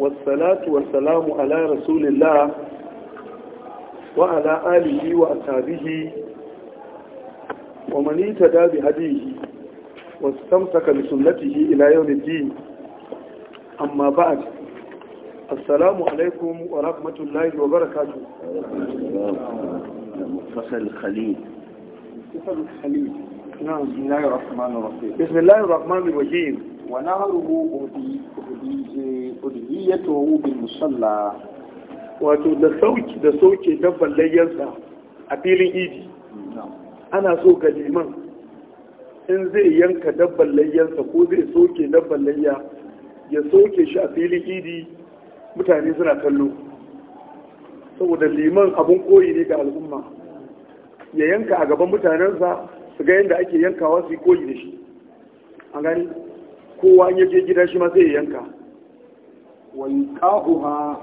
والصلاة والسلام على رسول الله وعلى آله وأصحابه ومن اهتدى بهديه واستمسك بسنته إلى يوم الدين أما بعد السلام عليكم ورحمة الله وبركاته مختصر الخليل مختصر الخليل نعم بسم الله الرحمن الرحيم بسم الله الرحمن الرحيم wa nahruhu udhiyatuhu bil musalla wato da sauki da sauke dabban layyansa a filin idi ana so ga liman in zai yanka dabban layyansa ko zai soke dabban layya ya soke shi a filin idi mutane suna kallo saboda liman abun koyi ne ga al'umma ya yanka a gaban mutanensa su ga yadda ake yankawa su yi koyi da shi A gani kowa in je gida shi ma sai yanka wani ƙa'uha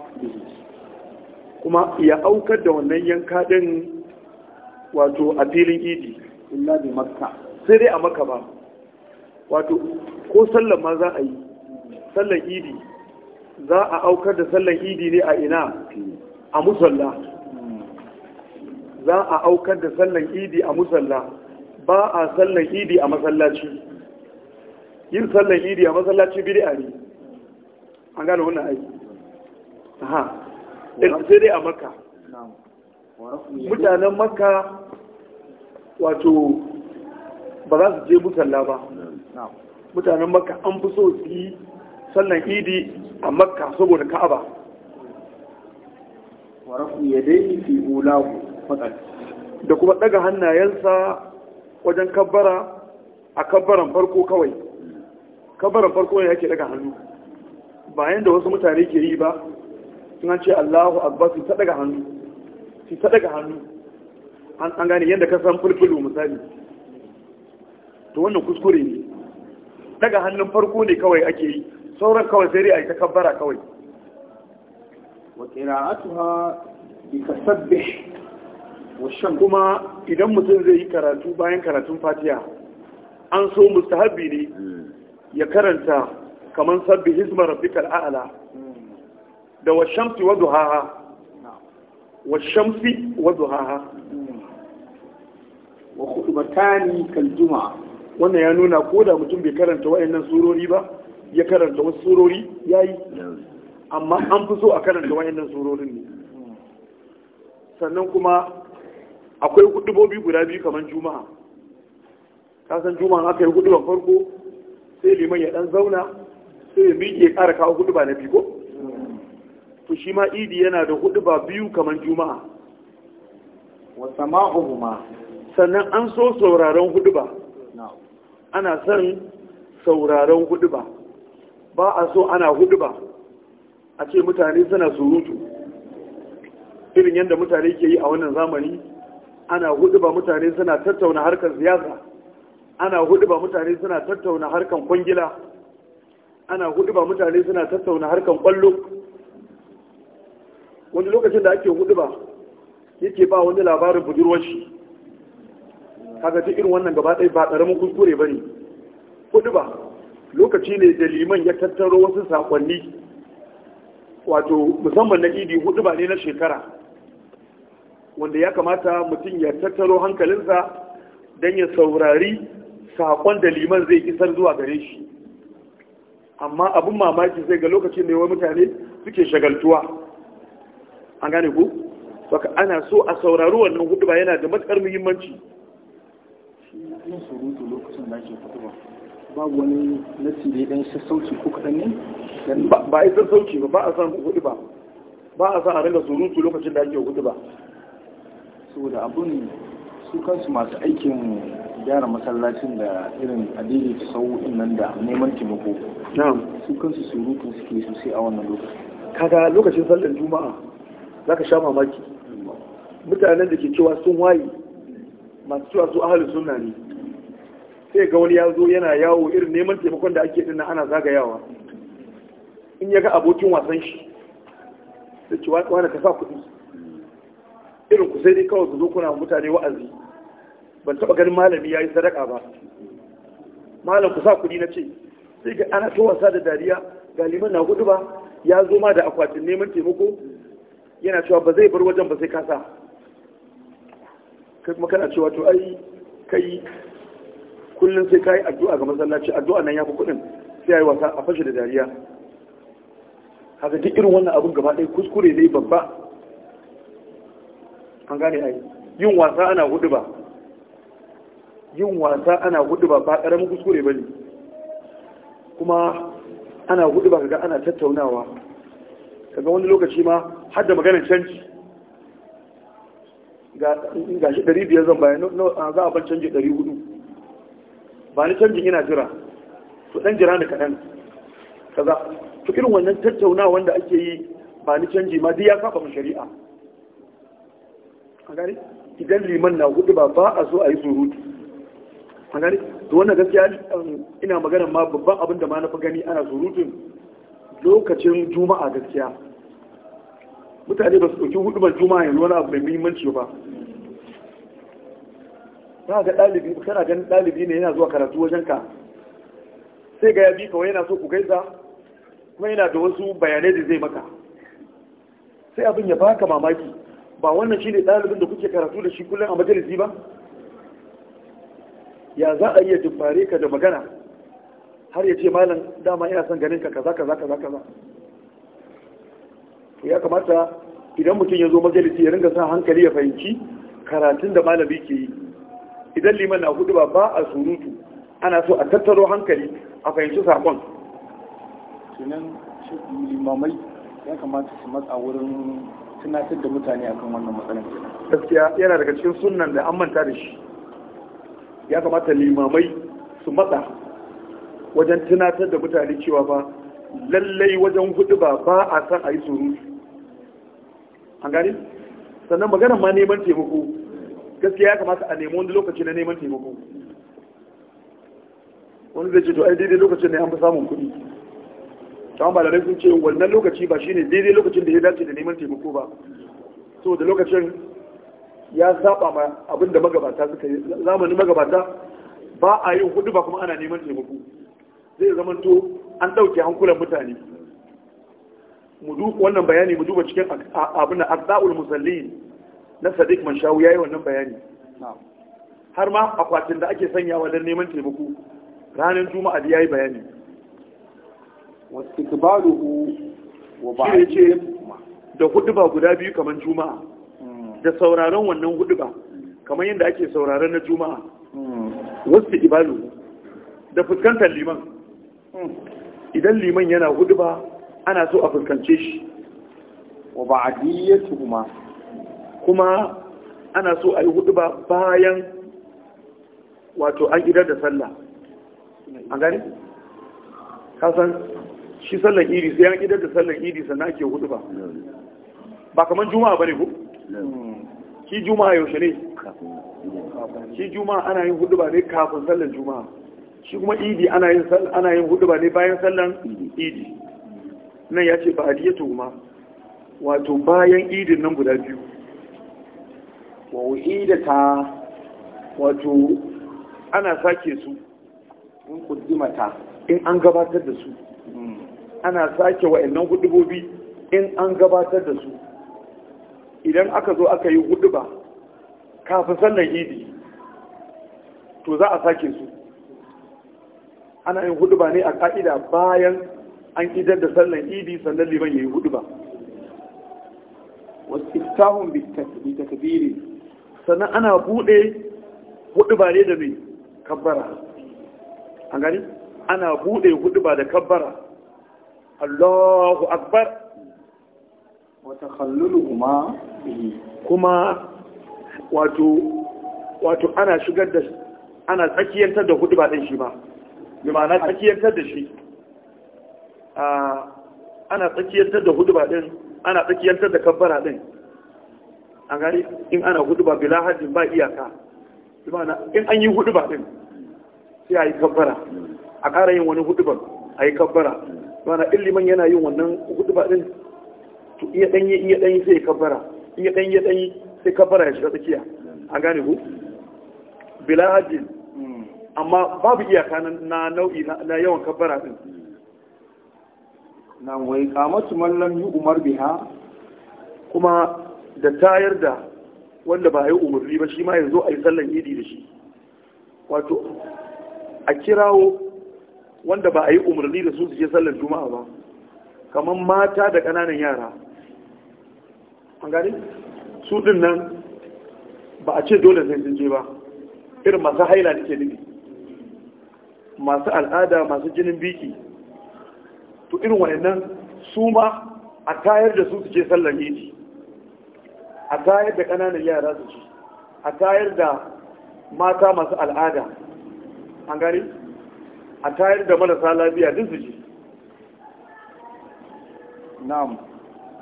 kuma ya aukar da wannan yanka din wato a filin idi illa bi makka sai dai a maka ba wato ko sallan ma za a yi sallan idi za a aukar da sallan idi ne a ina a musalla za a aukar da sallan idi a musalla ba a sallan idi a masallaci yin sallar idi a masallaci a ne an gane wannan aiki aha ce dai a makka mutanen makka wato ba za su je musalla ba mutanen makka an fi so su yi sallar idi a makka saboda ka'aba wa rafu yadayhi fi ula ku da kuma ɗaga hannayensa wajen kabbara a kabbaran farko kawai kabarin farko ne ke daga hannu ba da wasu mutane ke yi ba sun ce Allahu akbar su ta daga hannu su ta daga hannu an gane yadda ka san fulfilu misali to wannan kuskure ne daga hannun farko ne kawai ake yi sauran kawai sai dai a yi ta kabbara kawai a tuha bi tasabbih wa shan kuma idan mutum zai yi karatu bayan karatun Fatiha an so mustahabi ne hmm. ya karanta kamar sabbi hizmar rafikar a'ala da wa shamsi wa duhaha wa shamsi wa duhaha wa khutbatani kal wannan ya nuna ko da mutum bai karanta wayannan surori ba ya karanta wasu surori yayi amma an fi so a karanta wayannan surorin ne sannan kuma akwai kudubobi guda biyu kamar juma'a kasan juma'a aka yi hudubar farko sai liman ya dan zauna sai ya miƙe ƙara kawo hudu ba na biyu ko to shi ma idi yana da hudu ba biyu kamar juma'a wa sannan an so sauraron hudu ba ana son sauraron hudu ba ba a so ana hudu ba a ce mutane suna surutu irin yadda mutane ke yi a wannan zamani ana hudu ba mutane suna tattauna harkar siyasa ana hudu ba mutane suna tattauna harkan kwangila ana hudu ba mutane suna tattauna harkan kwallo wani lokacin da ake hudu ba yake ba wani labarin budurwar shi ta irin wannan gaba ɗai ba ƙaramin kuskure ba ne hudu ba lokaci ne da liman ya tattaro wasu saƙonni. wato musamman na idi hudu ba ne na shekara wanda ya kamata mutum ya tattaro hankalinsa don ya saurari sakon da liman zai isar zuwa gare shi amma abin mamaki zai ga lokacin da yawan mutane suke shagaltuwa an gane ku saka ana so a saurari wannan hudu ba yana da matsar muhimmanci yin surutu lokacin da ake fitowa babu wani nasi da ya ɗan sassauci ko kaɗan ne ba a sassauci ba ba a san hudu ba ba a san a ringa surutu lokacin da ake hudu ba saboda abin su kansu masu aikin gyara masallacin da irin adili ta sau nan da neman taimako na'am su kansu surutun suke sosai a wannan lokacin kaga lokacin sallar juma'a za ka sha mamaki mutanen da ke cewa sun waye masu cewa su ahalin sunna ne sai ga wani ya zo yana yawo irin neman taimakon da ake dinnan ana zagayawa in ya ga abokin wasan shi da cewa wani ka sa kuɗi irin ku sai dai kawai ku zo kuna mutane wa'azi ban taba ganin malami ya yi sadaka ba malam ku sa kuɗi na ce sai ga ana to wasa da dariya galiman na hudu ba ya zo ma da akwatin neman taimako yana cewa ba zai bar wajen ba sai kasa kai kuma kana cewa to ai kai kullum sai kai addu'a ga masallaci addu'a nan ya fi kuɗin sai ya wasa a fashe da dariya haka duk irin wannan abun gaba ɗaya kuskure ne babba an gane ai yin wasa ana hudu ba yin wasa ana gudu ba ba ƙaramin kuskure ba ne kuma ana gudu ba kaga ana tattaunawa kaga wani lokaci ma har da maganar canji ga shi ɗari biyar zan bayan za a ban canji ɗari hudu ba ni canjin yana jira to ɗan jira da kaɗan kaza to irin wannan tattaunawa wanda ake yi ba ni canji ma duk ya saba mu shari'a a gari idan liman na hudu ba ba a so a yi surutu a to wannan gaskiya um, ina magana ma babban abin da ma na fi gani ana surutun lokacin juma'a gaskiya mutane ba su ɗauki hudubar juma'a yanzu wani abu mai muhimmanci ba Ta ga ɗalibi kana ganin ɗalibi ne yana zuwa karatu wajen ka sai ga ya bi kawai yana so ku gaisa kuma yana da wasu bayanai da zai maka sai abin ya baka mamaki ba wannan shi ne ɗalibin da kuke karatu da shi kullum a majalisi ba ya za a iya dubbare ka da magana har ya ce malam dama ina son ganin ka kaza kaza kaza kaza ya kamata idan mutum ya zo majalisi ya ringa sa hankali ya fahimci karatun da malami ke yi idan liman na hudu ba ba a surutu ana so a tattaro hankali a fahimci sakon sunan limamai ya kamata su matsa wurin tunatar da mutane akan wannan matsalin gaskiya yana daga cikin sunan da an manta da shi ya kamata limamai su matsa wajen tunatar da mutane cewa ba lallai wajen hudu ba ba a san a yi surutu an gani sannan magana ma neman taimako gaskiya ya kamata a nemi wani lokaci na neman taimako wani zai ce to ai daidai lokacin da an fi samun kuɗi tawon rai sun ce wannan lokaci ba shine daidai lokacin da ya dace da neman taimako ba so da lokacin ya saba ma abinda magabata suka yi Zamani magabata ba a yin hudu ba kuma ana neman taimako zai zamanto an ɗauki hankulan mutane mu duba wannan bayani mu duba cikin abin azzaul musallin na sadiq manshawu yayi wannan bayani har ma akwatin da ake sanyawa don neman taimako ranar juma'a da yayi bayani wasu wa ba'a da hudu ba guda biyu kamar juma'a da sauraron wannan hudu ba kamar yadda ake sauraron na juma'a wasu ibalu da fuskantar liman idan liman yana hudu ba ana so a fuskance shi wa ba'adiyyatu kuma kuma ana so a yi hudu ba bayan wato an idar da sallah a gani? kasan shi sallan iri sai an idar da sallan iri sannan ake hudu ba ba kamar juma'a ba ne ko? shi juma'a yaushe ne shi juma'a ana yin hudu ba ne kafin sallar juma'a shi kuma idi ana yin hudu ba ne bayan sallar idi nan ya ce ba a aliyatu ma wato bayan idin nan guda biyu wawo wuhida ta wato ana sake su in kuddimata in an gabatar da su hmm. ana sake wa'annan hudubobi in an gabatar da su idan aka zo aka yi hudu ba kafin sannan idi to za a sake su ana yin hudu ba ne a ka'ida bayan an idar da sannan idi sannan liman ya yi hudu ba wasu iftahun bitakabiri sannan ana bude hudu ba ne da mai kabbara an gani ana bude hudu ba da kabbara Allahu akbar kuma wato wato ana shigar da ana tsakiyantar da hudu ba ɗin shi ba bi ma'ana tsakiyantar da shi ana tsakiyantar da hudu ba ɗin ana tsakiyantar da kabbara ɗin a gani in ana hudu ba bila hajjin ba iyaka bi ma'ana in an yi hudu ba ɗin sai a yi kabbara a ƙara yin wani hudu ba a yi kabbara bi ma'ana illiman yana yin wannan hudu ba ɗin to iya danyi iya danyi sai kabbara iya danyi iya danyi sai kabbara ya shiga tsakiya a gane ku bila hajjin amma babu iyaka na nau'i na yawan kabbara din na wai kamatu mallam yi umar biha kuma da tayar da wanda ba yi umarni ba shi ma yanzu a yi sallan idi da shi wato a kirawo wanda ba a yi umarni da su su je sallan juma'a ba kamar mata da ƙananan yara an gani su din nan ba a ce dole ne sun ba irin masu haila da ke nufi masu al'ada masu jinin biki to irin wayannan su ma a tayar da su su ce sallar idi a tayar da ƙananan yara su ci a tayar da mata masu al'ada an gani a tayar da marasa lafiya duk su ji na'am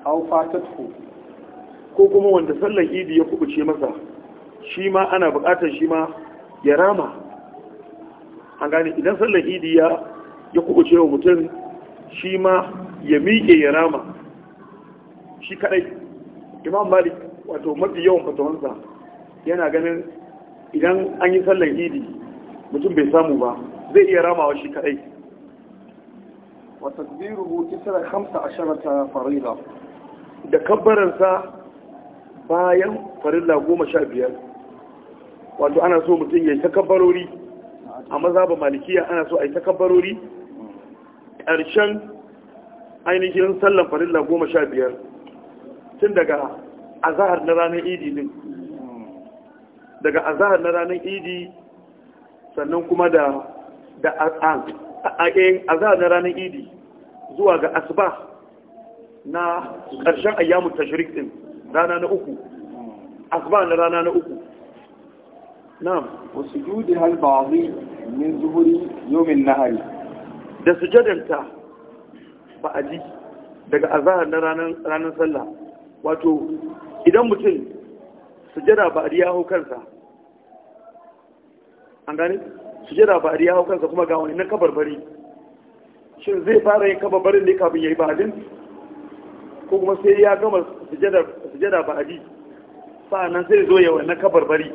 au fatatku ko kuma wanda sallan idi ya kubuce masa shi ma ana buƙatar shi ma ya rama an gani idan sallan idi ya ya kubuce wa mutum shi ma ya miƙe ya rama shi kadai imam malik wato mafi yawan fatawansa yana ganin idan an yi sallan idi mutum bai samu ba zai iya ramawa shi kadai وتكبيره tasbiruhu tisra 15 farida da kabbaransa bayan farilla goma sha biyar wato ana so mutum ya yi takabbarori a mazaba malikiya ana so a yi takabbarori ƙarshen ainihin sallan farilla goma sha biyar tun daga azahar na ranar idi din daga azahar na ranar idi sannan kuma da da eh, azahar na ranar idi zuwa ga asba na ƙarshen ayyamun tashirik din rana na uku asba na rana na uku na'am wasu judi hal ba'dhi min zuhuri na nahari da sujadanta ba'adi daga azhar na ranar sallah wato idan mutum sujada ba'adi ya hau kansa an gane sujada ba'adi ya hau kansa kuma ga wani na kabarbari shin zai fara yin kabarbarin ne kafin ya ba ba'adin ko kuma sai ya gama sujada ba abi sa'annan sai zo ya wannan kabarbari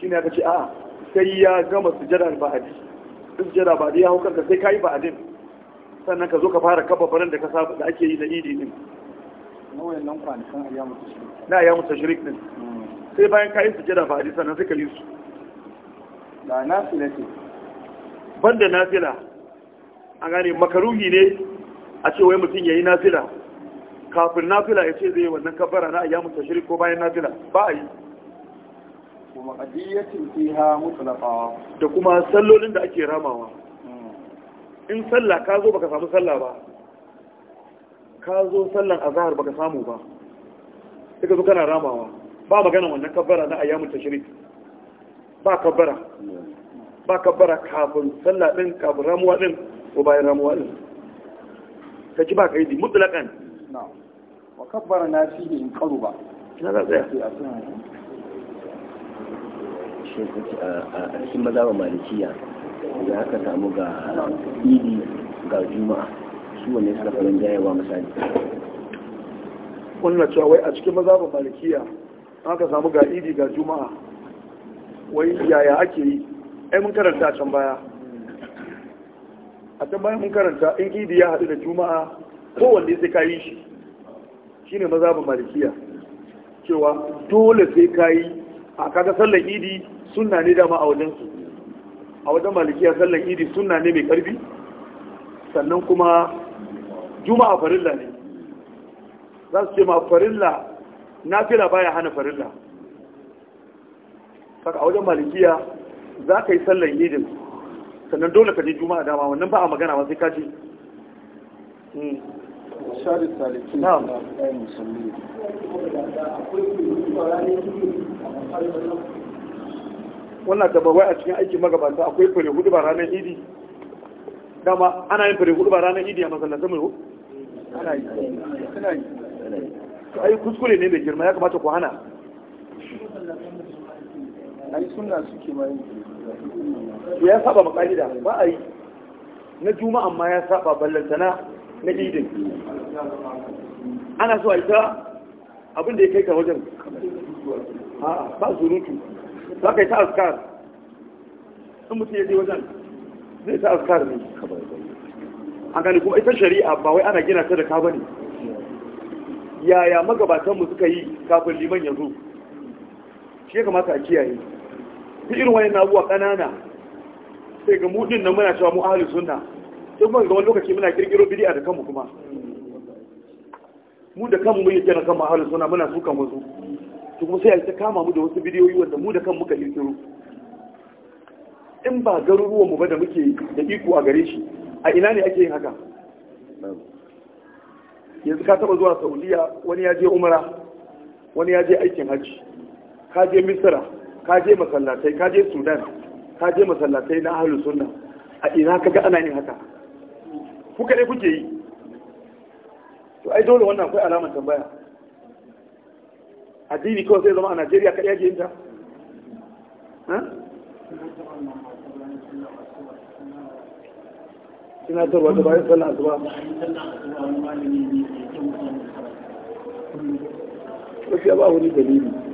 shi ne aka ce a sai ya gama sujada ba abi duk sujada ba abi ya hau karka sai ka yi ba adin sannan ka zo ka fara kabarbarin da ka saba da ake yi na idi din na ya mutu shirik din sai bayan ka yi sujada ba abi sannan sai ka yi su da nasila ce banda nasila a gane makaruhi ne a ce wai mutum yi nafila kafin nafila ya ce zai wannan kabara na ayyamu tashrik ko bayan nafila ba a yi kuma ha fiha mutlaqa da kuma sallolin da ake ramawa hmm. in sallah ka zo baka samu sallah ba ka zo sallan azhar baka samu ba sai ka zo kana ramawa ba magana wannan kabara na ayyamu tashrik ba kabara hmm. ba kabara kafin sallah din kafin ramuwa din ko bayan ramuwa din ka ji ba kaidi mutlaqan wa kabbara na in in ba ina da tsaya shi a cikin mazaba malikiya da aka samu ga idi ga juma'a su wanne suka fara jayewa misali wannan cewa wai a cikin mazaba malikiya aka samu ga idi ga juma'a wai yaya ake yi ai mun karanta can baya a can bayan karanta in idi ya haɗu da juma'a kowanne sai ka yi shi maza ba malikiya cewa dole sai ka yi a kaga sallar idi suna ne dama a wajen su a wajen malikiya sallar idi suna ne mai karfi sannan kuma juma'a farilla ne za su ce ma farilla fila baya hana farilla saka a wajen malikiya za ka yi sallar idin sannan dole ka je juma'a dama wannan ba a magana ba sai ka je hmm. wannan a cikin aikin magabata akwai fure hudu ba ranar idi dama ana yin fure hudu ba ranar idi a masallatan mai ana yi ana yi kuskure ne mai girma ya kamata ku hana ai suna suke ma yin ya saba maka'ida ba a yi na juma'a ma ya saba ballantana na idin ana so a ita abinda ya kai ka wajen ba surutu za ka yi ta askar sun mutum ya je wajen zai ta askar ne A gani kuma ita shari'a ba wai ana gina ta da ka bane yaya magabatanmu suka yi kafin liman yanzu shi ya kamata a kiyaye fi irin wani nabuwa ƙanana sai ga mudin nan muna cewa mu ahalin suna, sai kuma ga wani lokaci muna kirkiro bidi'a da kanmu kuma mu da kanmu muke kira kanmu ahalin suna muna suka wasu to kuma sai a ta kama mu da wasu bidiyoyi wanda mu da kanmu muka kirkiro in ba garuruwan mu ba da muke da iko a gare shi a ina ne ake yin haka yanzu ka taba zuwa saudiya wani ya je umara wani ya je aikin hajji ka je misira ka je masallatai ka je sudan ka je masallatai na ahlus sunna a ina kaga ana yin haka ku kaɗai kuke yi to ai dole wannan akwai alamar tambaya addini kawai sai zama a najeriya kaɗai ake yin ta tunatarwa ta bayan sallah asuba ya ba wani dalili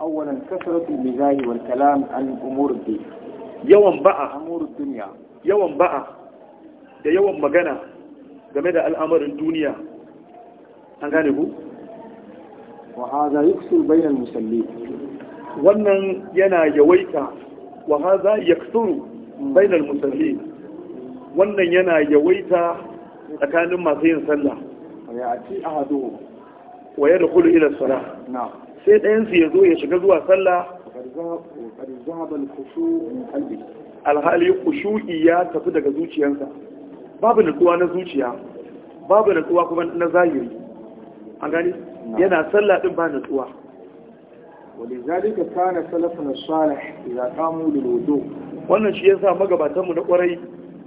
أولا كثرة المزاح والكلام عن أمور الدين يوم بقى أمور الدنيا يوم بقى da yawan magana game da al'amarin duniya an gane ku? wa haza yuksur bainal musalli wannan yana yawaita musalli wannan yana yawaita tsakanin masu yin sallah wa ya da kulu sai ɗayansu ya zo ya shiga zuwa sallah alhali kushu'i ya tafi daga zuciyarsa babu nutsuwa na zuciya babu nutsuwa kuma na zahiri an gani yana sallah din ba natsuwa ولذلك na سلفنا ya kamo da للوضوء wannan shi yasa magabatanmu na kwarai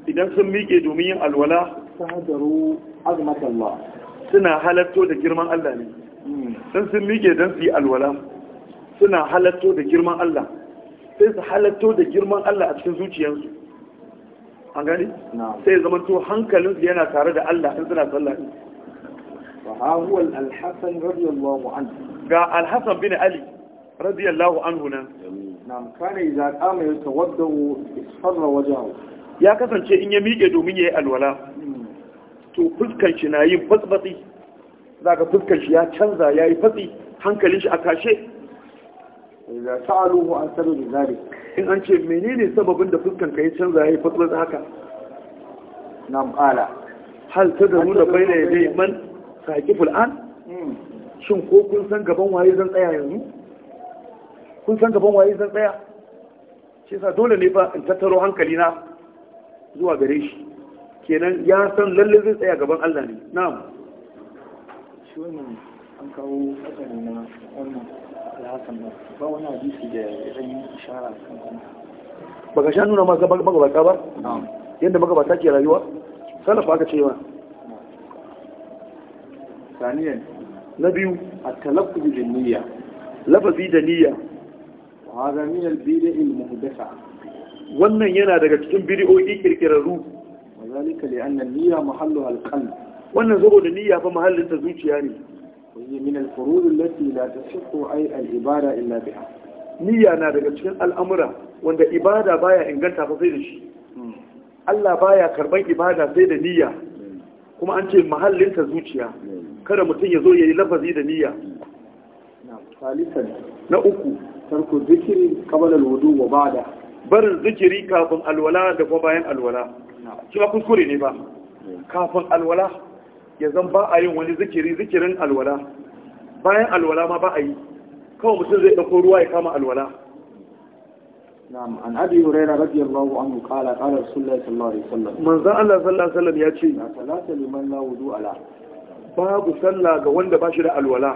idan sun miƙe domin yin alwala suna halatto da girman Allah ne sun sun miƙe don su yi alwala suna halatto da girman Allah sai su halatto da girman Allah a cikin zuciyarsu an gani sai zama to hankalinsu yana tare da Allah in suna sallah wa hawa al radiyallahu anhu ga Alhassan, bin ali radiyallahu anhu nan nam kana idza qama yatawaddu isfarra wajhahu ya kasance in ya miƙe domin yayi alwala hmm. to fuskan shi na yin batsbatsi za ka fuskar shi ya canza ya yi fatsi hankalin shi a kashe. tashe ta aluhu an da zari in an ce menene sababin da fuskar ka ya canza ya yi fatsi haka na ala hal tadaru da ya yadai man saki Ful'an? Hmm. shin ko kun san gaban waye zan tsaya yanzu kun san gaban waye zan tsaya shi sa dole ne fa in tattaro hankali na zuwa gare shi kenan ya san lalle zai tsaya gaban Allah ne na'am shi an kawo asali na wannan alhassan ba ba wani hadisi da zan yi ishara kan wannan baka sha nuna maka magabata ba yadda magabata ke rayuwa salafa aka ce ba. saniyan na biyu a talaffu da niyya lafazi da niyya wa hada min al-bid'a al wannan yana daga cikin bid'o'i kirkirarru wa zalika li anna niyya mahallu al-qalb wannan saboda niyya fa mahallin ta zuciya ne wani min al-furud allati la tasihu ay al-ibada illa biha niyya na daga cikin al'amura wanda ibada baya inganta fa sai da shi Allah baya karban ibada sai da niyya kuma an ce mahallin ta zuciya kada mutum ya zo yayi lafazi da niyya na uku tarku zikiri qabla al-wudu wa ba'da barin zikiri kafin alwala da kuma bayan alwala shi kuskure ne ba kafin alwala ya zan ba a yin wani zikiri zikirin alwala bayan alwala ma ba a yi kawai mutum zai ɗauko ruwa ya kama alwala na'am an abi hurairah radiyallahu anhu qala qala rasulullahi sallallahu alaihi wasallam manzo Allah sallallahu alaihi wasallam ya ce salatu liman la wudu ala babu sallah ga wanda ba shi da alwala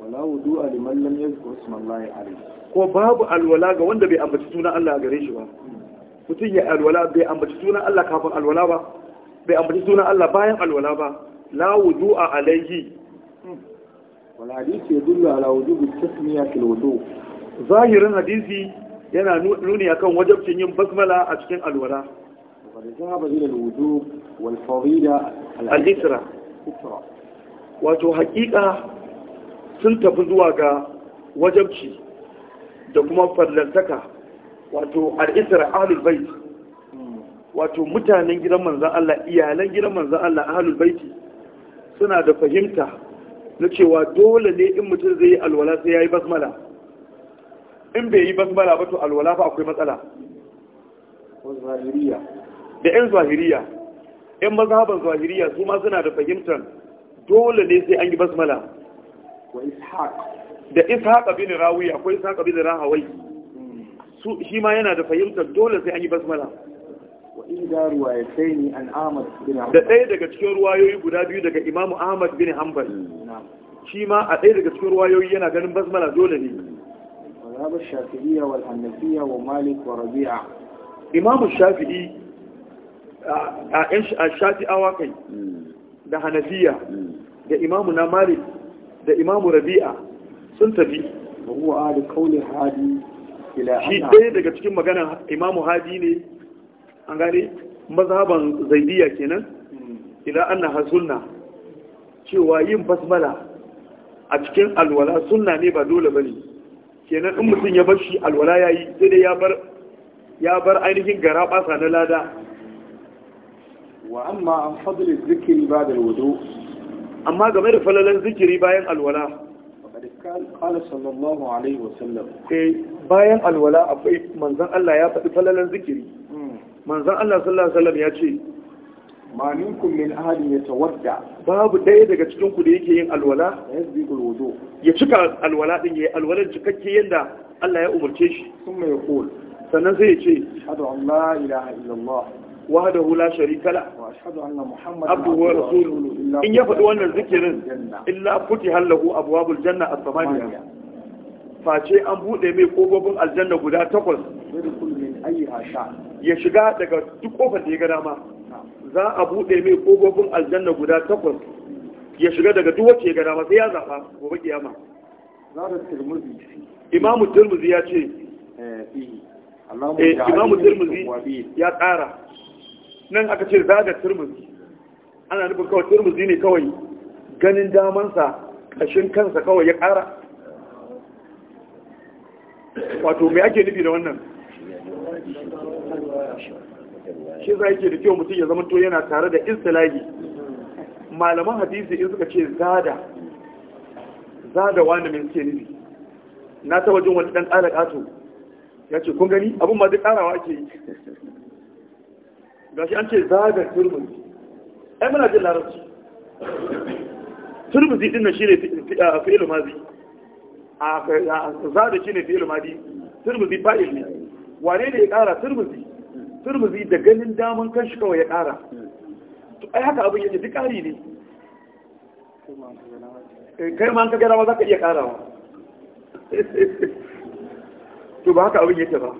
wala wudu liman lam yazkur ismallahi alaihi ko babu alwala ga wanda bai ambaci sunan Allah gare shi ba mutum ya alwala bai ambaci sunan Allah kafin alwala ba bai ambaci sunan Allah bayan alwala ba la wudu'a alayhi wal hadisi yadullu ala wujubi tasmiya fil wudu zahirin hadisi yana nuni akan wajabcin yin basmala a cikin alwala وقد ذهب إلى الوجوب والفضيلة الإسرة wato hakika sun tafi zuwa ga wajabci da kuma fallantaka wato hmm. mutanen gidan manzan Allah iyalan gidan manzan Allah baiti suna da fahimta na cewa dole ne in mutum zai yi alwala sai ya yi basmala in bai yi basmala ba to alwala ba akwai matsala da 'yan zahiriya 'yan mazhaban zahiriya su ma suna da fahimtar dole ne sai an yi basmala da ishaq bin rawi akwai ishaq bin rahawai hmm. shi ma yana da fahimtar dole sai an yi basmala da ɗaya daga cikin ruwayoyi guda biyu daga imamu ahmad bin hanbal shi ma a ɗaya daga cikin ruwayoyi yana ganin basmala dole ne imamu shafi'i a yan shafi'awa kai da hanafiya da imamu na malik da imamu rabi'a sun tafi shi ɗaya daga cikin maganar imamu hadi ne an gane mazhaban zaidiya kenan ila annaha sunna cewa yin basmala a cikin alwala sunna ne ba dole bane kenan in mutum ya bar shi alwala yayi sai dai ya bar ya bar ainihin gara basa na lada wa amma an fadli zikiri ba da wudu amma game da falalan zikiri bayan alwala qala sallallahu alaihi wasallam eh bayan alwala akwai manzan Allah ya faɗi falalan zikiri manzan Allah sallallahu alaihi wasallam ya ce ma minkum min ahadin babu ɗaya daga cikin da yake yin alwala ya cika alwala din yayi alwalar cikakke yadda Allah ya umarce shi kuma ya kul sannan sai ya ce ashhadu an la ilaha illallah wahdahu da sharika wa in ya faɗi wannan zikirin illa futiha abu abwabul janna a samaniya face an buɗe mai ƙogogon aljanna guda takwas ya shiga daga duk ƙofar da ya gada ma za a buɗe mai ƙogogon aljanna guda takwas ya shiga daga duk wacce ya gada ma sai ya zaɓa gobe kiyama imamu turmuzi ya ce eh, imamu turmuzi ya ƙara nan aka ce zagar turmuzi ana nufin kawai turmuzi ne kawai ganin damansa ƙashin kansa kawai ya ƙara wato mai ake nufi da wannan shi za yake da kyau mutum ya zama to yana tare da istilahi malaman hadisi in suka ce zada zada wani mai suke nufi na ta wajen wani dan ƙara ƙato ya ce kun gani abin ma duk ƙarawa ake yi gashi an ce zada turmuzi ai muna jin larabci turmuzi din na shi ne fi'ilu mazi za da shi ne fiye madi turmuzi fa'il ne wane ne ya kara turmuzi turmuzi da ganin damar kashi kawai ya kara ai haka abin yake duk ƙari ne eh, kai ma an ka gara ma za ka iya karawa to ba haka abin yake ba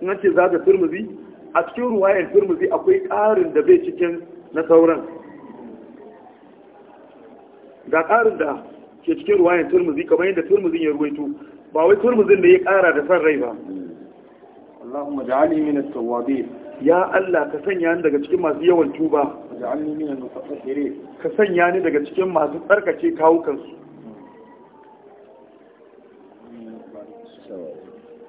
na ce za da turmuzi a cikin ruwayar turmuzi akwai ƙarin da bai cikin na sauran ga ƙarin da ke cikin ruwayan turmuzi kamar yadda turmuzin ya ruwaito ba wai turmuzin da ya kara da san rai ba Allahumma ja'alni min at-tawwabin ya Allah ka sanya ni daga cikin masu yawan tuba ja'alni min al-mutatahhirin ka sanya ni daga cikin masu tsarkake kawukan su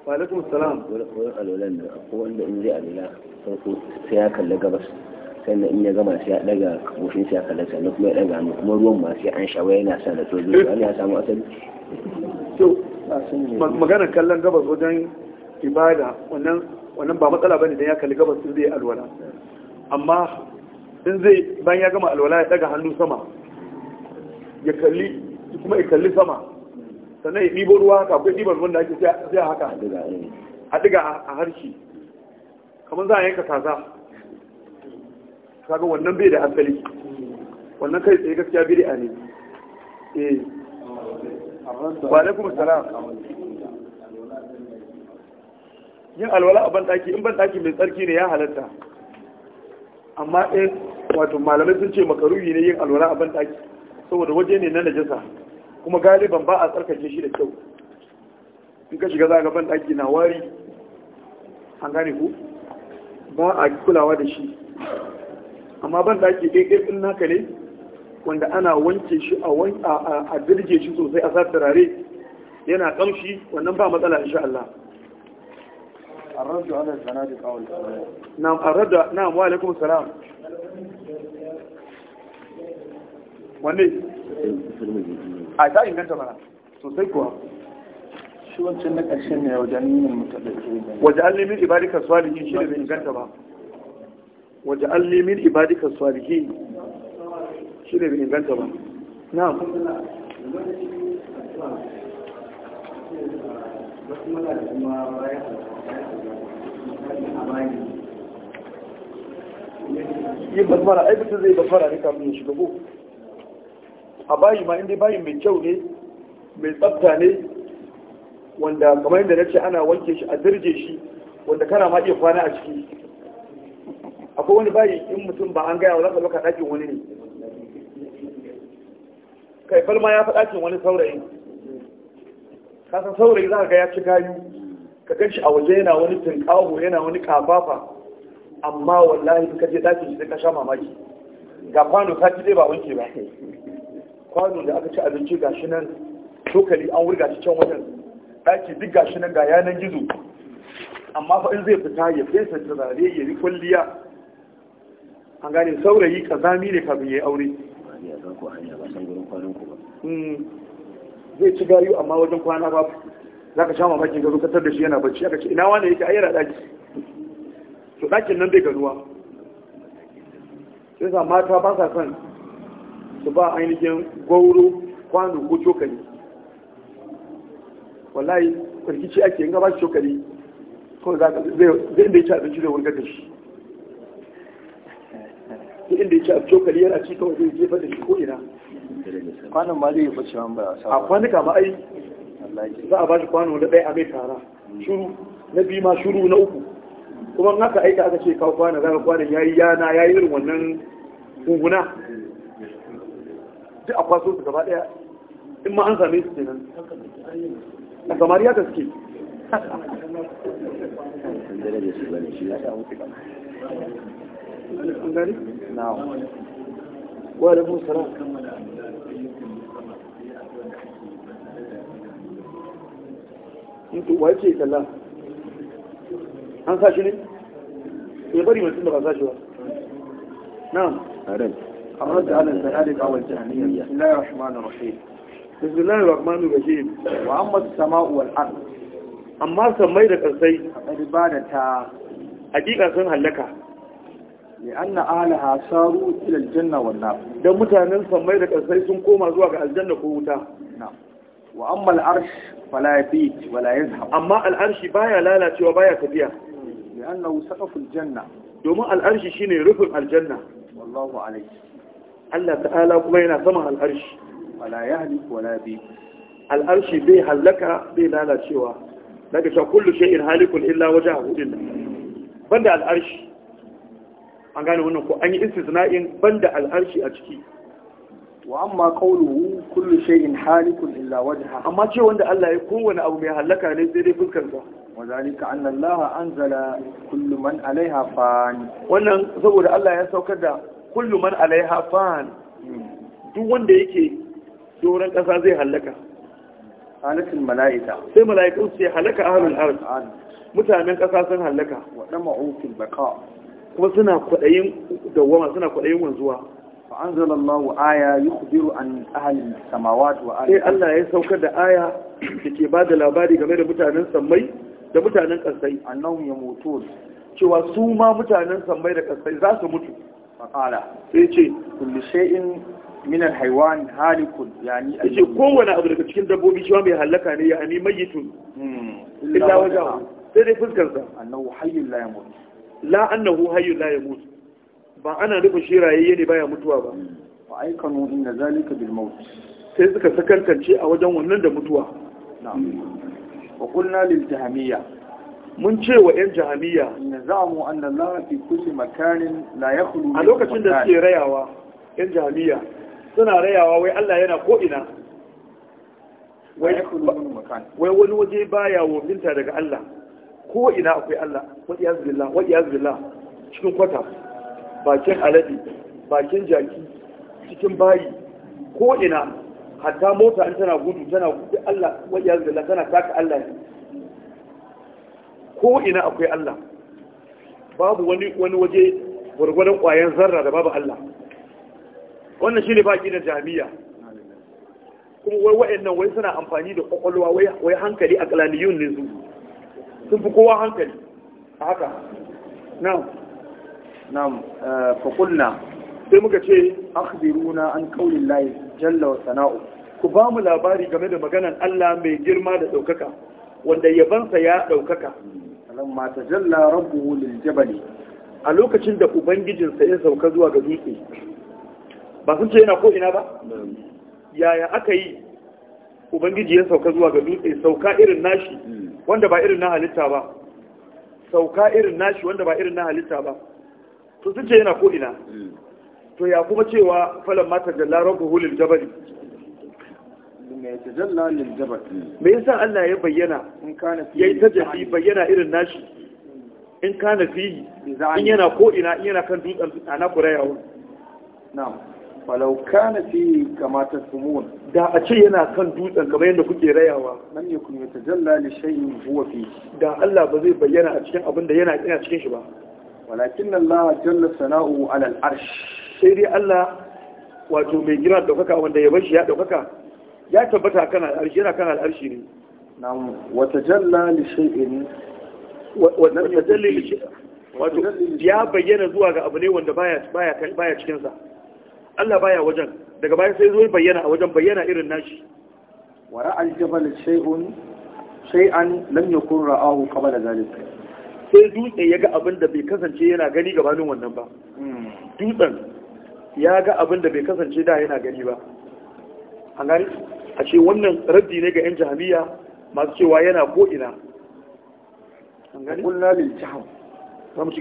wa alaikum salam wa alaikum salam wanda in zai alila sai ya kalla gabas sannan in ya gama sai ya daga kafofin sai ya kalla sannan kuma ya daga hannu kuma ruwan ma sai an shawo yana sa da tozo eh. wani ya samu asali to magana kallon gabas wajen ibada wannan wannan ba matsala bane dan ya kalli gabas sun zai alwala amma in zai bayan ya gama alwala ya daga hannu sama ya kalli kuma ya kalli sama sannan ya ɗibo ruwa haka akwai ɗiban ruwan da ake sai haka a diga eh. a harshe kamar za a yanka kaza kaga wannan bai da asali wannan kai tsaye gaskiya a ne eh wa alaikum salam yin alwala a bandaki in bandaki mai tsarki ne ya halatta amma in eh, wato malamai sun ce makaruhi ne yin alwala a bandaki saboda waje ne na najasa kuma galiban ba a tsarkake shi da kyau in ka shiga za ga bandaki na wari an gane ku ba a kulawa da shi amma ban ake ɗaiɗai ɗin naka ne wanda ana wanke shi a dirge shi sosai a sa yana ƙamshi wannan ba matsala insha Allah الرد على الزنادقة والكلام نعم الرد نعم وعليكم wanne a ta inganta mana sosai kuwa shi wancan na ƙarshen ne wajen yin mutane wajen alimin ibadika swalihin shi da bai inganta ba waje an limin ibadika swalihi shi ne bai inganta ba na yin basmara ai mutum zai basmara ne kafin ya shiga ko a bayi ma inda bayi mai kyau ne mai tsafta ne wanda kamar yadda na ce ana wanke shi a dirje shi wanda kana ma iya kwana a ciki akwai wani bayi in mutum ba an gaya wa zaka baka ɗakin wani ne kai falma ya fi ɗakin wani saurayi kasan saurayi za ka ga ya ci gayu ka gan shi a waje yana wani tunƙaho yana wani kafafa amma wallahi in ka je ɗakin shi sai ka sha mamaki ga kwano ta ci dai ba wanke ba kwano da aka ci abinci ga shi nan tokali an wurga shi can wajen ɗaki duk ga shi nan ga yanan gizo amma fa in zai fita ya fesa turare ya yi kwalliya an gane saurayi kazami ne kafin ya yi aure hmm. zai ci gayu amma wajen kwana babu za ka sha makin gado katar da shi yana bacci aka ce ina wane yake a yana ɗaki to ɗakin nan bai ganuwa sai sa mata ba sa son su ba ainihin gwauro kwano ko cokali wallahi kwarkici ake in gaba shi cokali kawai zai inda ya ci abinci da wurgar da shi duk inda ce a cokali yana ci kawai zai jefa da shi ko ina kwanan ma zai yi bacci an ba a kwanuka ma ai za a bashi shi kwano da ɗaya a mai tara shuru na biyu ma shuru na uku kuma in aka aika aka ce kawo kwana za ka kwana ya yi yana ya yi irin wannan hunguna duk a kwaso su gaba ɗaya in ma an same su kenan a kamar ya gaske an gari? na wa da musara into wa ce kalla an sa shi ne? ya bari mutum da ba sa shi ba na'am الرد على الزنادقة والجهمية بسم الله الرحمن الرحيم بسم الله الرحمن الرحيم وأما السماء والأرض أما سمي لك السيد عبادة حقيقة سنها لك li anna ahliha saru ila aljanna wan nar dan mutanen samai da kasai sun koma zuwa ga aljanna ko wuta wa amma al'arsh fala yabit wala yazhab amma al'arshi baya lalacewa baya tafiya li annahu ƙafin janna domin al'arshi shine rufin aljanna wallahu alaihi. Allah ta'ala kuma yana saman al'arshi wala yahlik wala yabit al'arshi bai halaka bai lalacewa daga sha kullu shay'in halikun illa wajhahu illa banda al'arshi an gane wannan ko an yi istisna'in banda al'arshi a ciki wa amma qawluhu kullu shay'in halikun illa wajha amma ce wanda Allah ya kowane abu mai halaka ne sai dai fuskar sa wa zalika anna Allah anzala kullu man alaiha fan wannan saboda Allah ya saukar da kullu man alaiha fan hmm. duk wanda yake doron kasa zai halaka halakin mala'ika sai mala'ikun sai halaka ahlul ard mutanen kasa sun halaka wa dama ukil baqa kuma suna kwaɗayin dawwama suna kwaɗayin wanzuwa fa anzala Allah aya yukhbiru an ahli samawati wa ahli Allah ya saukar da aya dake bada labari game da mutanen sammai da mutanen kasai annahum yamutun cewa su ma mutanen sammai da kasai za su mutu faqala sai ce kullu shay'in min alhaywan halikun yani yace kowane abu daga cikin dabbobi shi mai halaka ne ya ani mayyitun hmm. illa wajahu sai dai fuskar sa annahu hayyun la yamut la annahu hayyun la yamut ba ana nufin shi rayayye ne baya mutuwa ba fa aykanu inda zalika bil maut sai suka sakantance a wajen wannan da mutuwa na'am wa qulna lil jahmiyya mun ce wa yan jahmiyya inna za'amu anna Allah fi kulli makanin la yakhlu a lokacin da suke rayawa yan jahmiyya suna rayawa wai Allah yana ko ina wai wani waje baya wofinta daga Allah ko ina akwai Allah zubi Allah billah ya zubi Allah cikin kwata bakin alade bakin jaki cikin bayi ko ina hatta mota an tana gudu tana gudu Allah ya zubi Allah tana taka Allah ko ina akwai Allah babu wani wani waje gurgurdan kwayan zarra da babu Allah wannan shi ne baki da jami'a kuma wai nan wai suna amfani da kwakwalwa wai hankali a kalaniyun ne zuwa sun fi kowa hankali a haka nan nan eh, faƙulna sai muka ce akhbiruna an qaulin layi, jalla wa sana'u ku ba mu labari game da maganan Allah mai girma da daukaka wanda yabansa ya daukaka mata jalla rabbuhu lil jabali a lokacin da ubangijinsa ya sauka zuwa ga dutse ba sun ce yana ko ina ba yaya aka yi ubangiji ya sauka zuwa ga dutse sauka irin nashi hmm. wanda ba irin na halitta ba sauka irin nashi wanda ba irin na halitta ba to sun ce yana ko ina to ya kuma cewa falan mata jalla rabbuhu lil jabal me yasa Allah ya bayyana ya yi jafi bayyana irin nashi in kana fi in yana ko ina in yana kan dutsen ana kuraya yawon. falau kana fi kamata sumun da a ce yana kan dutsen kamar yadda kuke rayawa nan ne kun yata jalla li shay'in huwa fi da Allah ba zai bayyana a cikin abin da yana kina cikin shi ba walakin Allah jalla sana'u ala al-arsh sai dai Allah wato mai gira daukaka wanda ya bashi ya daukaka ya tabbata kan al-arsh yana kan al-arshi ne na'am wa tajalla li shay'in wa tajalli li shay'in wato ya bayyana zuwa ga abu ne wanda baya baya baya cikin sa Allah baya wajen daga baya sai zo bayyana a wajen bayyana irin nashi wara jabal shay'un shay'an lam yakun ra'ahu qabla zalik sai dutse ya ga abin da bai kasance yana gani gabanin wannan ba hmm. dutsen ya ga abin da bai kasance da yana gani ba an gani a ce wannan raddi ne ga 'yan jami'a masu cewa yana ko'ina an gani? kullum lalin mu ci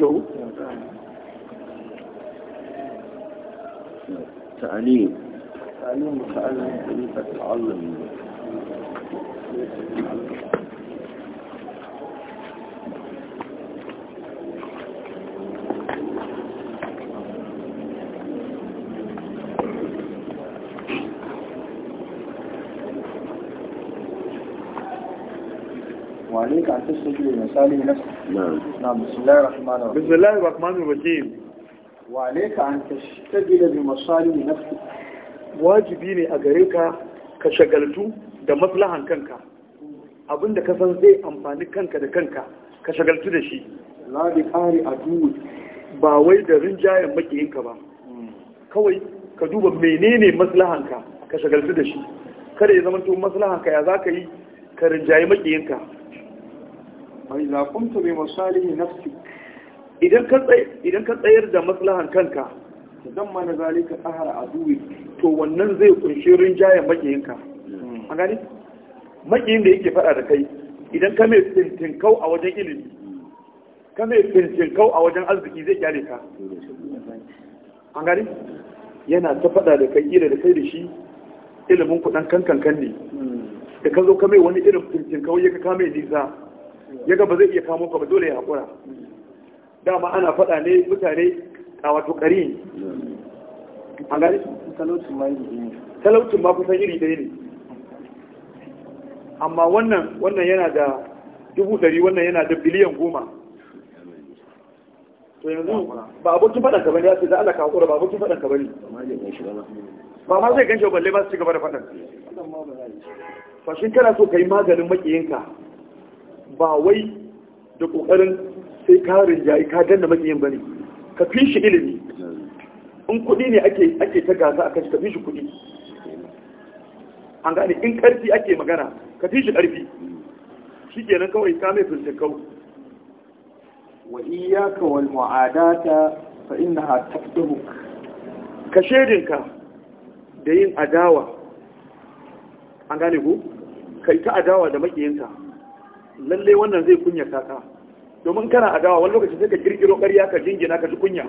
تعليم تعليم تعلم كيف تتعلم وعليك أن تسجل المسالي نفسك نعم. نعم بسم الله الرحمن الرحيم بسم الله الرحمن الرحيم waleka an da bi masalih nafsi wajibi ne a gare ka ka shagaltu da maslahan kanka abinda ka san zai amfani kanka da kanka ka shagaltu da shi la bi qari adu ba wai da rinjayen makiyinka ba kawai ka duba menene maslahanka ka shagaltu da shi kada ya zama tun maslahanka ya za ka yi ka rinjaye makiyinka bai za kumta bi masalihi nafsik idan ka tsayar da maslahan kanka zan mana zalika tsahara a duwi to wannan zai kunshi rinjayen makiyinka a gani makiyin da yake fada da kai idan ka mai fintinkau a wajen ilimi ka mai fintinkau a wajen arziki zai kyale ka A gani yana ta fada da kai ira da kai da shi ilimin kudan kankan ne da ka zo ka mai wani irin fintinkau ya ka kame nisa ya ga ba zai iya kamo ka ba dole ya haƙura dama ana faɗa ne mutane a wato ƙari a gari talautun ma kusan iri ɗaya ne amma wannan wannan yana da dubu ɗari wannan yana da biliyan goma to yanzu ba abokin faɗan ka bane ya ce za Allah ka ba abokin faɗan ka bane ba ma zai ganshi balle ba su ci gaba da faɗan fashin kana so ka yi maganin makiyinka ba wai da ƙoƙarin sai ka rinjayi ka danna makiyin bane ka fi shi ilimi in kuɗi ne ake ta gasa a kashi ka fi shi kuɗi an gane in ƙarfi ake magana ka fi shi ƙarfi shi nan kawai ka mai fintakau wa iyaka wal mu'adata fa innaha taqdamuk ka shaidinka da yin adawa an gane ku kai ta adawa da makiyinka lalle wannan zai kunya kaka domin kana adawa wani lokaci sai ka kirkiro ƙarya ka jingina ka ji kunya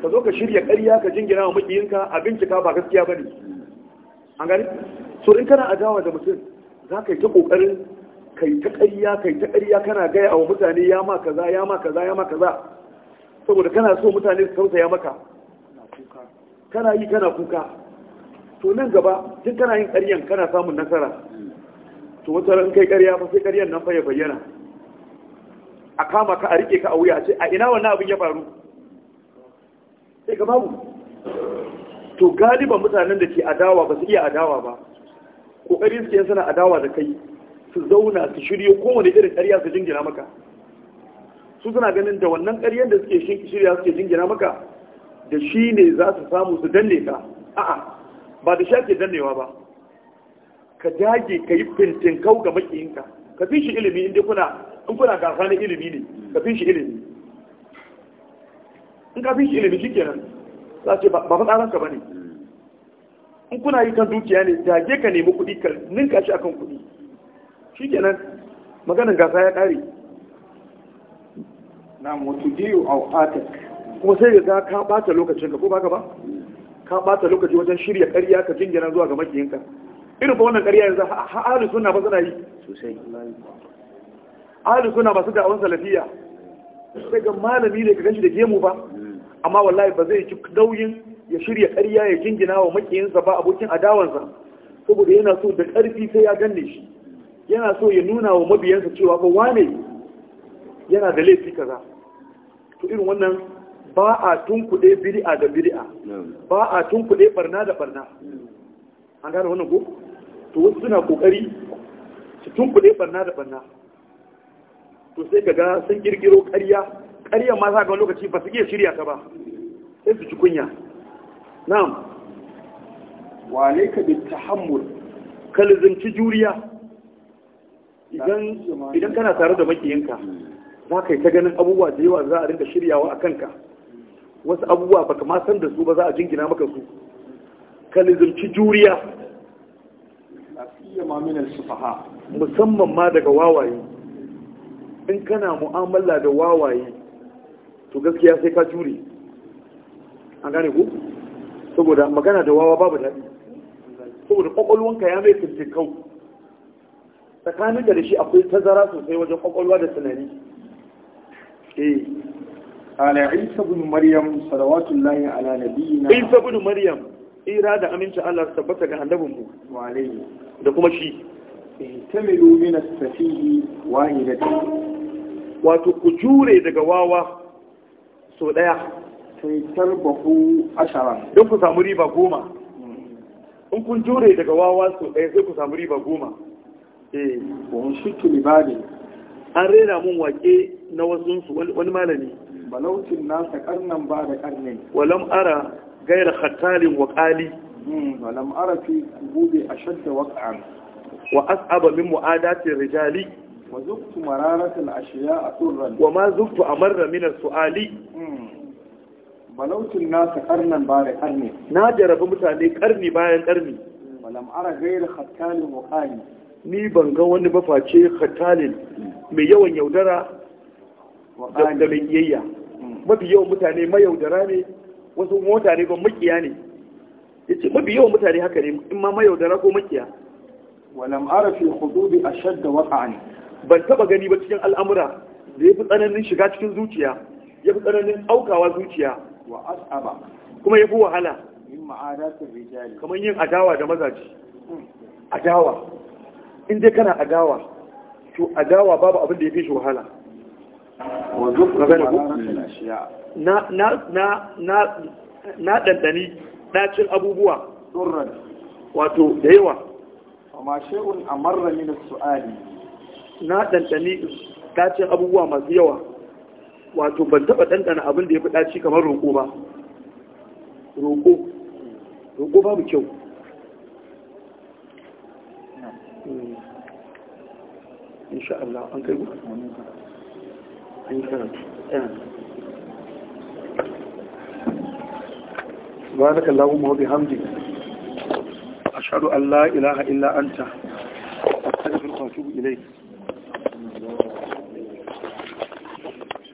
ka zo ka shirya ƙarya ka jingina wa makiyinka a bincika ba gaskiya ba ne an gani so in kana adawa da mutum za ka yi ta ƙoƙarin ka yi ta ƙarya ka yi ta ƙarya kana gaya wa mutane ya ma kaza ya ma kaza ya ma kaza saboda kana so mutane su tausaya maka kana yi kana kuka to nan gaba tun kana yin ƙaryan kana samun nasara to wata ran kai ƙarya ba sai ƙaryan nan fa ya bayyana a kama ka a rike ka a wuya ce a ina wannan abin ya faru sai ka babu to galiban mutanen da ke adawa ba su iya adawa ba kokari suke yin suna adawa da kai su zauna su shirya kowane irin ƙarya su jingina maka su suna ganin da wannan ƙaryar da suke shirya suke jingina maka da shi ne za su samu su danne ka a'a ba da shafe dannewa ba ka jage ka yi fintin kau ga makiyinka ka fi shi ilimi inda kuna in kuna gasa na ilimi ne ka fi shi ilimi in ka fi shi ilimi kenan za ce ba fa tsaranka ne in kuna yi kan dukiya ne dage ka nemi kuɗi ka ninka shi akan kuɗi shikenan maganin gasa ya ƙare na a auqatak kuma sai ga ka bata lokacin ka ko baka ba ka bata lokaci wajen shirya ƙarya ka jingina zuwa ga makiyinka irin fa wannan ƙarya yanzu har suna ba suna yi sosai ahli suna masu da'awun salafiya sai ga malami ne ka ganshi da gemu ba amma wallahi ba zai ci dauyin ya shirya ƙarya ya jingina wa makiyinsa ba abokin adawansa saboda yana so da ƙarfi sai ya ganne shi yana so ya nuna wa mabiyansa cewa ba wane yana da laifi kaza to irin wannan ba a tunkuɗe bid'a da bid'a ba a tunkuɗe barna da barna an gane wannan ko to wasu suna kokari su tunkuɗe barna da barna to sai ka ga sun kirkiro ƙarya ƙaryar ma za ga lokaci ba su iya shirya ta ba sai su ci kunya na'am wa alayka bi tahammul ka lizinci juriya idan kana tare da makiyinka za ka yi ta ganin abubuwa da yawa za a rinka shiryawa a kanka wasu abubuwa ba ka san da su ba za a jingina maka su ka lizimci juriya musamman ma daga wawaye in kana mu'amala da wawaye to gaskiya sai ka jure an gane ku saboda magana da wawa babu daɗi saboda kwakwalwanka ya mai fintinkau tsakanin da shi akwai tazara sosai wajen ƙwaƙwalwa da tunani eh ala isa bin maryam salawatullahi ala nabiyina isa bin maryam ira da aminci Allah tabbata ga annabinmu wa alayhi da kuma shi tamilu min as-safihi wahidatan wato ku jure daga wawa so daya sai tarbahu ashara don ku samu riba goma in kun jure daga wawa so daya sai ku samu riba goma eh shi shukku libadi an rera mun wake na wasu wani malami balautin nasa karnan ba da karnin walam ara gaira khattalin wa qali hmm, walam ara fi gube ashadda waq'an wa as'aba min mu'adati rijali wa مرارة الأشياء ashiya a زقت wa ma السؤال amarra الناس su'ali بعد قرن karnan bare karni na jarabi mutane karni bayan karni walam ara ni ban ga wani maface khattalin mai yawan yaudara da mai kiyayya hmm. mafi yawan mutane mayaudara ne wasu mota ne ba makiya ne ce mafi yawan mutane haka ne in ma mayaudara ko makiya walam ara fi hududi ashadda waqa'an ban taba gani ba cikin al'amura da ya fi tsananin shiga cikin zuciya ya fi tsananin aukawa zuciya wa as'aba kuma ya fi wahala kamar yin adawa da mazaji adawa in dai kana adawa to adawa babu abin da ya fi shi wahala na na ɗanɗani ɗacin abubuwa wato da yawa amma shi'un ne min su'ali na ɗanɗani ɗacin abubuwa masu yawa wato ban taɓa ɗanɗana abin da ya fi ɗaci kamar roƙo ba roƙo roƙo babu kyau hmm. insha Allah an kai gudu an yi karatu ba na kallahu ma hamdi a shaɗu Allah ilaha illa anta a cikin kwatubu ilai